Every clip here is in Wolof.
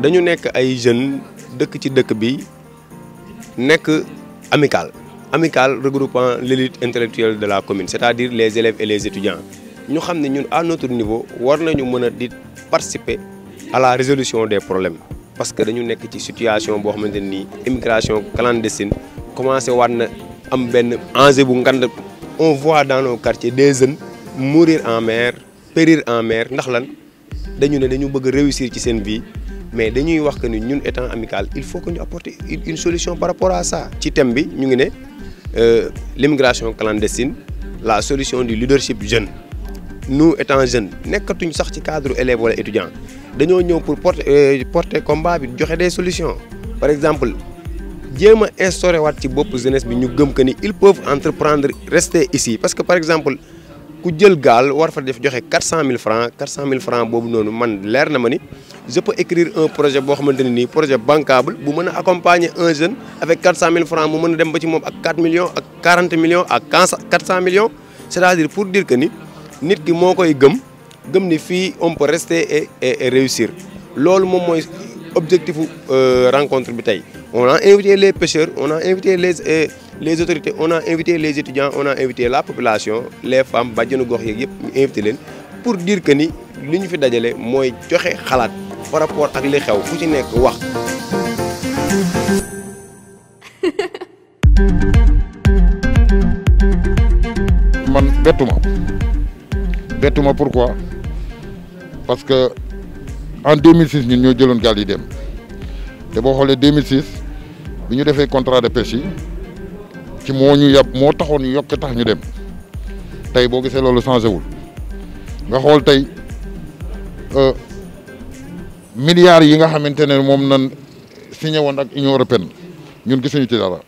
Nous sommes ay jeunes dëkk ci dëkk bi regroupant l'élite intellectuelle de la commune c'est-à-dire les élèves et les étudiants Nous sommes à notre niveau war nañu di participer à la résolution des problèmes parce que dañu nek ci situation bo xamanteni clandestine commencé na am on voit dans nos quartiers des jeunes mourir en mer périr en mer ndax lan dañu né dañu bëgg réussir ci sen vie mais dañuy wax que ni ñun étant amical il faut que ñu apporter une solution par rapport à ça ci thème bi ñu ngi ne euh, l'immigration clandestine la solution du leadership jeune nous étant jeunes nekatuñ sax ci cadre élève ou étudiant nous ñëw pour porter euh, porter combat bi joxé des solutions par exemple jéem a instauré ci bop jeunesse bi ñu gëm que ni ils peuvent entreprendre rester ici parce que par exemple Kujel gal, war fadil fujohe 400,000 francs, 400,000 francs nonu man Je peux écrire un projet bancable, un projet bancable, pour accompagner un jeune avec 400 000 francs, pour aller à 4 millions, à 40 millions, à 400 millions. C'est-à-dire pour dire que les gens qui ont on peut rester et, et, réussir. C'est ce que objectif euh, rencontre bi on a invité les pêcheurs on a invité les euh, les autorités on a invité les étudiants on a invité la population les femmes bàjjenu gox invité pour dire que ni li fait fi dajale mooy joxe xalaat par rapport à li xew fu ci nekk wax. man pourquoi parce que. en 2006 ñun ñoo jëloon gaal yi dem te boo xoolee 2006 bi ñu defee contrat de pêche yi ci moo ñu yab moo taxoon ñu yokk tax ñu dem tey boo gisee loolu changé wul nga xool tey euh, milliards yi nga xamante ne moom nan signé woon ak Union européenne ñun gisuñu ci dara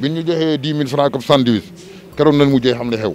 bi ñu joxee dix mille francs comme sandwich keroog mu mujjee xam ne xew.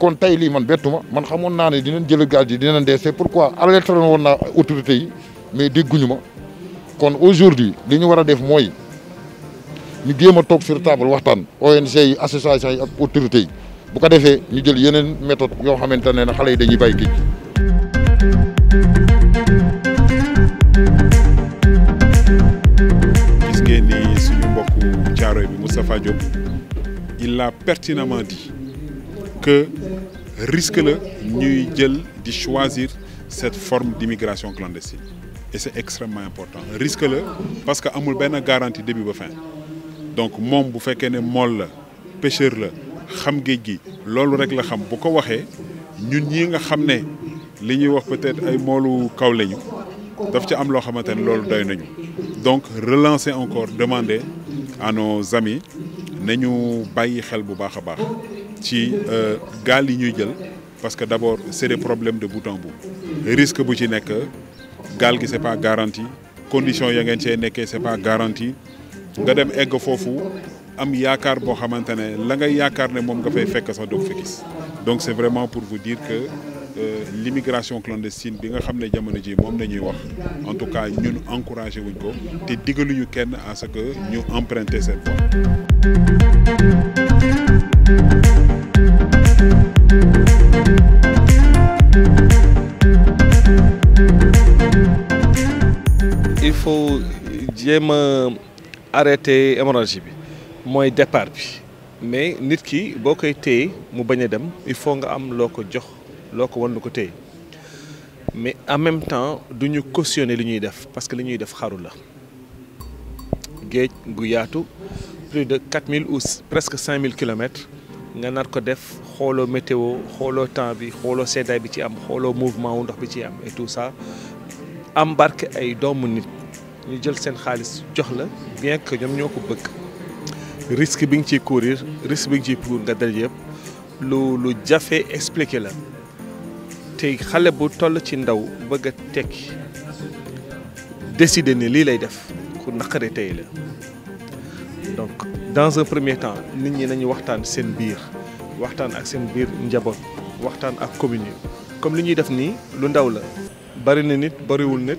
kon tay li man bettuma man aujourd'hui. ne dinañ jël gaz yi dinañ dee c'est pourquoi alerté woon autorité mais dégguñuma kon aujourd'hui li ñu sur def moy ñu sur table waxtan ONG yi association yi ak yi bu ko défé ñu jël méthode nous. yi dañuy Diop il l'a pertinemment dit que risque le ñuy jël choisir cette forme d'immigration clandestine et c'est extrêmement important risque le parce que amul benn garantie début à fin donc moom bu fekkee ne mool la pêcheur la xam géej gi loolu rek la xam bu ko waxee ñun ñi nga xam ne li ñuy wax peut-être ay moolu kaw lañu daf ci am loo xamante ne doy nañu donc relancer encore demander à nos amis nañu nous xel bu baax baax ci euh, gaal yi parce que d'abord c'est des problèmes de bout en bout risque bu ci nekk gal gi pas garanti condition ya ngeen cee nekkee pas garanti nga dem egg foofu am yaakaar bo xamante la nga yaakaar ne mom nga fay fekk sa dog fa donc c'est vraiment pour vous dire que euh, l'immigration clandestine bi nga xamné jamono ji mom la wax en tout cas ñun encourager wuñ ko te ñu kenn à ce que ñu emprunter cette voie jéem arrêté hémorragie bi moy départ bi mais nit ki bokay téy mu bañ dem il faut nga am loko jox loko ko lu ko mais en même temps duñu ñu cautionner li ñuy def parce que li ñuy def xaru la geej gu yaatu plus de 4000 ou presque 5000 km nga nar ko def xolo météo xolo temps bi xolo seddaay bi ci am xolo mouvement wu ndox bi ci am et tout ça embarqué ay doomu nit ñu jël seen xaalis jox la bien que ñoom ñoo ko bëgg risque bi nga ciy courir risque bi nga pour courir nga daj yëpp lu lu jafe expliquer la te xale bu toll ci ndaw bëgg a tekki décider ne lii lay def ku naqaree tey la donc dans un premier temps nit ñi nañu waxtaan seen biir waxtaan ak seen biir njaboot waxtaan ak commune comme li ñuy def nii lu ndaw la bari na nit bariwul nit.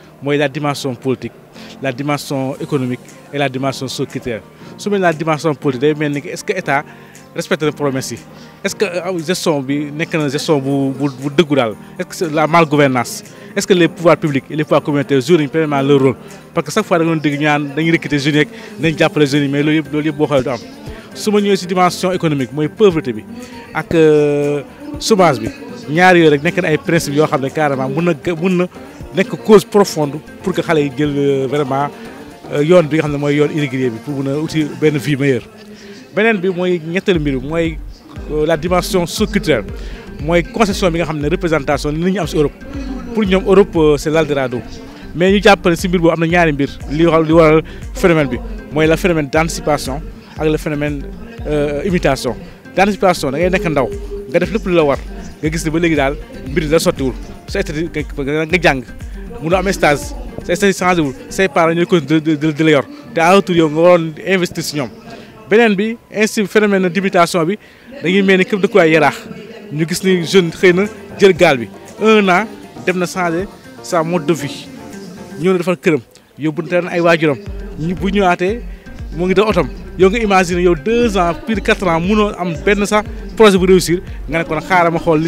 mooy la dimension politique la dimension économique et la dimension sociétale Sous la dimension politique est-ce que l'État respecte les promesses? est-ce que ah gestion bi na gestion bu bu est-ce que la malgouvernance est-ce que les pouvoirs publics et les pouvoirs communautaires jouent pleinement leur rôle parce que chaque fois que nous doon dégg ñaan dañuy recruter jeunes yeeg dañu jàppale jeunes mais nous yëpp loolu yëpp boo xoolee du dimension économique la pauvreté bi ak euh, chômage bi ñaar yooyu rek principes yoo carrément nek cause profonde pour que xalé yi jël euh, vraiment euh, yoon bi nga xam moy mooy yoon irrégulier bi pour mun outil ben benn vie meilleure. beneen bi moy ñetteelu mbir moy euh, la dimension socioculturelle moy concession bi nga xam représentation ni ñu am ci Europe pour ñom Europe c'est l'Eldorado mais ñu jàppale ci mbir bu amna ñaari mbir li wax li waral phénomène bi moy la phénomène d'anticipation ak le phénomène euh, imitation d'anticipation da ngay nek ndaw nga def lepp lu la war nga gis ni ba léegi dal mbir da wul su été nga jang mënoo amee stage c'est c'est changé de de de yor te à retour yow nga waroon investir si bi ainsi phénomène d'imitation bi Un mel ni képp dëkkuwaay yaraax ñu gis ni jeune xëy jël bi un an dem na changé sa mode de vie Nous na defar këram yóbbu na ay waajuram ñu un Nous otom yow nga yow deux ans plus de ans am benn sax projet bu réussir nga ne kon li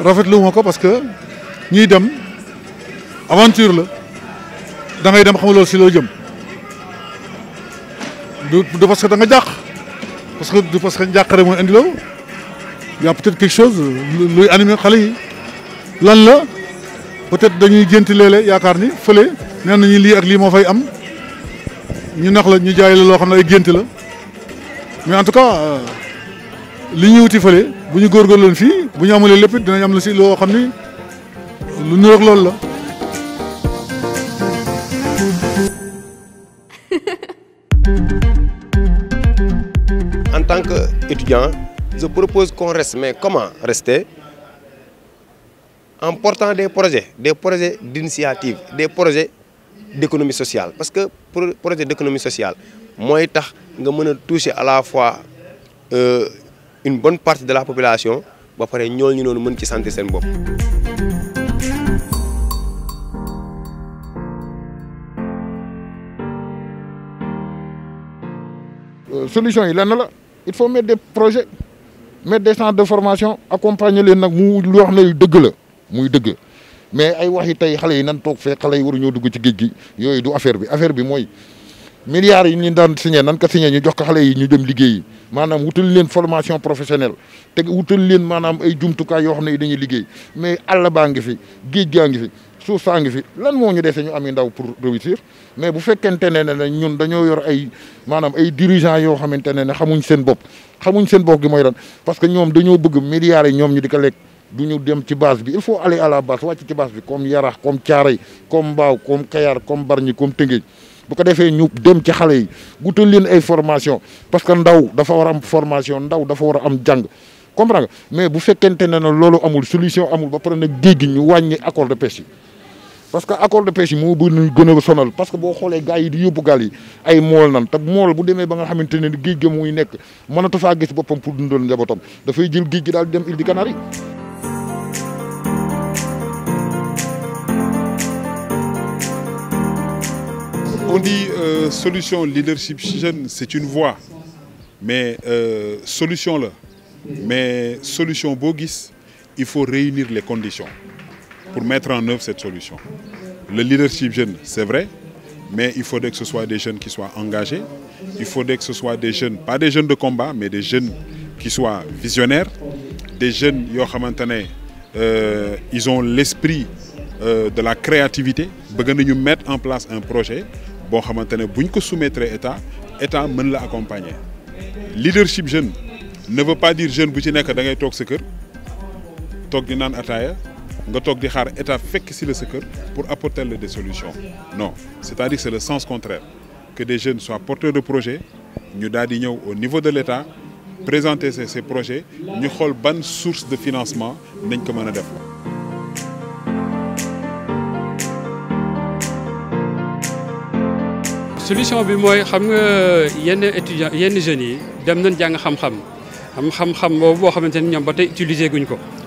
Rafet parce que ñuy dem aventure la da ngay dem si lo jëm du parce que da nga parce que du parce que y' a peut-être quelque chose luy animer... peut-être dañuy jënti sommes yaakar ni feulé des li ak li mo fay am ñu la mais en tout cas euh, li ñu wuti en tant qu'étudiant, je propose qu'on reste. Mais comment rester En portant des projets, des projets d'initiative, des projets d'économie sociale. Parce que pour le projet d'économie sociale, moi, je toucher à la fois euh, une bonne partie de la population ba pare ñooñu noonu mën ci santé sen bopp. Euh, solution yi lenn la il faut mettre des projets mettre des centres de formation accompagner les nak mu lu wax ne dëgg la muy deug mais ay wax yi tey xale yi nan tok fee xalé yi waruñoo dugg ci geej gi yoy du affaire bi affaire bi moy milliards yi ñu daan signé nan ko signé ñu jox ko xale yi ñu dem liggéey yi maanaam wutal leen formation professionnelle te wutal leen maanaam ay jumtukaay yoo xam ne dañuy liggéey mais àll baa ngi fi géej gaa ngi fi suuf saa ngi fi lan moo ñu dese ñu am i ndaw pour réussir mais bu fekkente ne ne ñun dañoo yor ay maanaam ay dirigeants yoo xamante ne ne xamuñ seen bopp xamuñ seen bopp gi mooy lan parce que ñoom dañoo bëgg milliards yi ñoom ñu di ko lekk du ñu dem ci base bi il faut aller à la base wàcc ci base bi comme Yarax comme Thiaroye comme Mbao comme Kayar comme Bargny comme Tëngéej bu ko defee ñu dem ci xalé yi gutal leen ay formation parce que ndaw dafa wara am formation ndaw dafa wara am jang comprendre mais bu fekkente ne na loolu amul solution amul ba paré nag géej ñu wañi accord de pêche parce que accord de pêche mo bu bëgg gën sonal parce que bo xolé gaay yi di yóbbu gaal yi ay mol nan te mol bu démé ba nga xamante ne géej gi muy nekk mënatu faa gis bopam pour dundal da fay jël géej gi dal dem île de Canaries on dit euh, solution leadership jeune, c'est une voie. Mais euh, solution là, mais solution bogus il faut réunir les conditions pour mettre en œuvre cette solution. Le leadership jeune, c'est vrai, mais il faudrait que ce soit des jeunes qui soient engagés, il faudrait que ce soit des jeunes, pas des jeunes de combat, mais des jeunes qui soient visionnaires, des jeunes, euh, ils ont l'esprit euh, de la créativité, ils mettre en place un projet, si xamante buñ l'État, ko soumettre état état mën la accompagner leadership jeune ne veut pas dire jeune bu ci nek da ngay tok sa kër tok di naan ataya nga tok di xaar état fekk ci le pour apporter des solutions non c'est-à-dire c'est le sens contraire que des jeunes soient porteurs de projets ñu daal au niveau de l'État présenter ces projets ñu xol ban source de financement nañ ko solution bi mooy xam nga yenn étudiants yenn jeunes yi dem nañ jàng xam-xam am xam-xam boobu boo xamante ni ñoom ba tey utiliser guñ ko.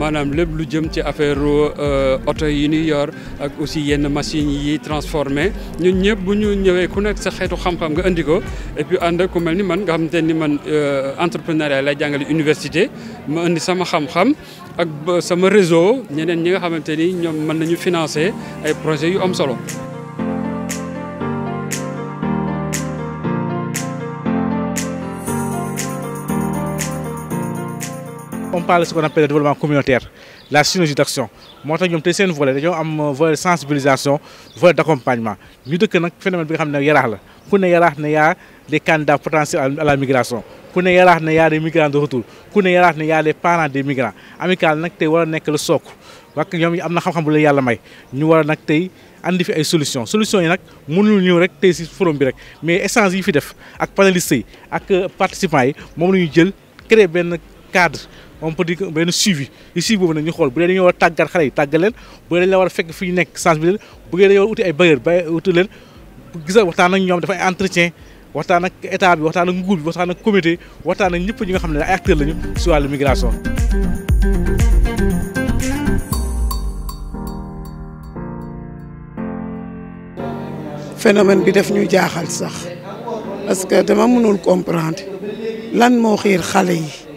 manam lepp lu jëm ci affaire auto euh, yi ñu yor ak aussi yenn machine yi transformé ñun ñëpp bu ñu ñëwé ku nekk sa xeetu xam-xam nga indi ko et puis and ak ku mel man nga xamante ni man euh, entrepreneuriat lay jàngale université ma andi sama xam-xam ak sama réseau ñeneen ñi nga xamante ni ñoom mën nañu financer ay projet yu am solo. on parle de ce qu'on appelle le développement communautaire la synergie d'action moo tax ñoom tey seen volet dañoo am euh, de sensibilisation volet d'accompagnement ñu dëkk nag phénomène bi nga xam ne yaraax la ku ne yaraax ne des candidats potentiels à la migration ku ne yaraax ne a des migrants de retour ku ne yaraax ne a des parents des migrants amical nag tey war a le socle wax ñoom am na xam-xam bu la yàlla may ñu war a nag andi fi ay solution solution yi nag mënul ñëw rek tey si forum bi rek mais essence yi fi def ak panélistes yi ak euh, participants yi moom la jël créer cadre on peut dire ben suivi ici bobu boobu nag ñu xool bu leen ñu war a xale yi taggal leen bu leen la war fekk fi nekk sans bi leen bu leen yow outil ay bailleurs ba outil leen gisal waxtaan ak ñoom dafa ay entretien waxtaan ak état bi waxtaan ak nguur bi waxtaan ak comité waxtaan ak ñëpp ñi nga xamne ay acteur lañu ci walu migration. phénomène bi def ñu jaaxal sax parce que dama mënul comprendre lan mo xir xale yi.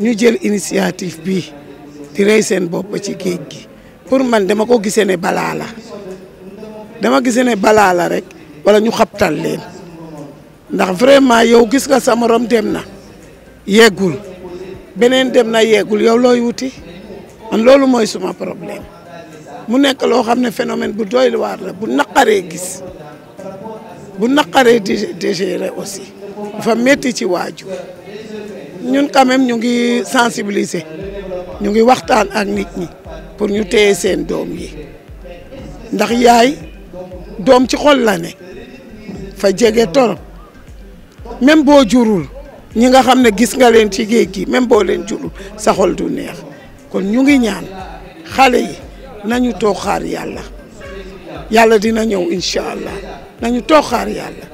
ñu jël initiative bi di rey seen bopp ci géej gi pour man dama ko gisee ne balaa la dama gise ne balaa la rek wala ñu xabtal leen ndax vraiment yow gis nga samorom dem na yeggul beneen dem na yeggul yow looy wuti man loolu mooy suma problème mu nekk loo xam ne phénomène bu doy waar la bu naqaree gis bu naqaree digérer aussi fa métti ci waajur ñun quand même ñu ngi sensibiliser ñu ngi waxtaan ak nit ñi pour ñu téye seen doom yi ndax yaay doom ci xol la ne fa jege torop même boo jurul ñi nga xam ne gis nga leen ci géej gi même boo leen jurul sa xol du neex kon ñu ngi ñaan xale yi nañu toog xaar yàlla yàlla dina ñëw incha allah nañu toog xaar yàlla.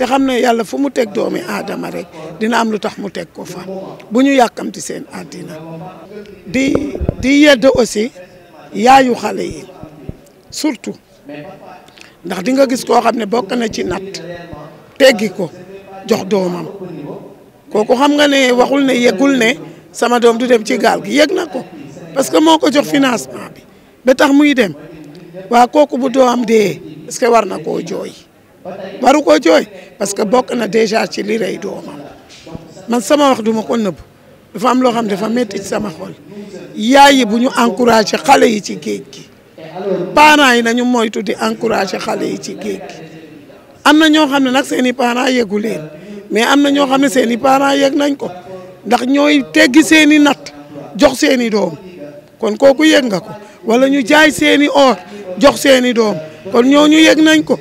te xam ne yàlla fu mu teg doomi aadama rek dina am lu tax mu teg ko fa bu ñu yàkkamti seen àddina di di yedd aussi yaayu xale yi surtout ndax di nga gis koo xam ne bokk na ci nat teggi ko jox doomam kooku xam nga ne waxul ne yëgul ne sama doom du dem ci gaal gi yëg na ko parce que moo ko jox financement bi ba tax muy dem waa kooku bu doom dee est que war na koo jooy waru ko jooy parce que bokk na déjà ci li rey doomam man sama wax duma ko nëbb dafa loo xam dafa métti ci sama xol yaay yi bu ñu encouragé xale yi ci géej gi parents yi nañu moytu di encouragé xale yi ci géej gi am na ñoo xam ne nag seeni i parents yegu mais am na ñoo xam ne seen i parents yeg nañ ko ndax ñooy teggi seen i natt jox seen i doom kon kooku yëg nga ko wala ñu jaay seeni i or jox seen i doom kon ñu yeg nañ ko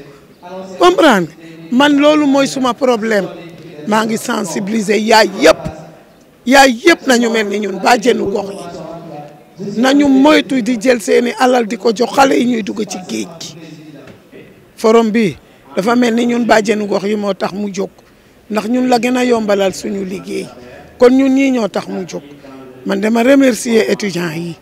comprendre man loolu mooy suma problème maa ngi sensibiliser yaay yëpp yaay yëpp nañu mel ni ñun bàjjenu gox yi nañu moytu di jël seeni alal di ko jox xale yi ñuy dugg ci géej forom bi dafa mel ni ñun bàjjenu gox yi moo tax mu jóg ndax ñun la gën a yombalal suñu liggéey kon ñun ñii ñoo tax mu jóg man dama remercier étudiants yi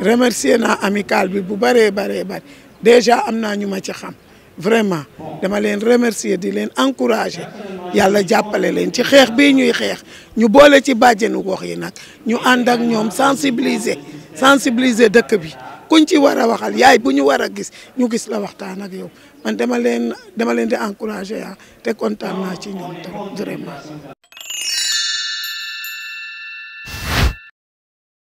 remercier naa amicale bi bu bëree bëree bëri déjà am naa ñu ma ci xam vraiment dama leen remercier di leen encourager yàlla jàppale leen ci xeex bi ñuy xeex ñu boole ci bàjjenu gox yi nag ñu ànd ak ñoom sensibiliser sensibiliser dëkk bi kuñ ci war a waxal yaay bu ñu war a gis ñu gis la waxtaan ak yow man dama leen dama leen di encourager ah te kontaan naa ci ñoom tamit vraiment.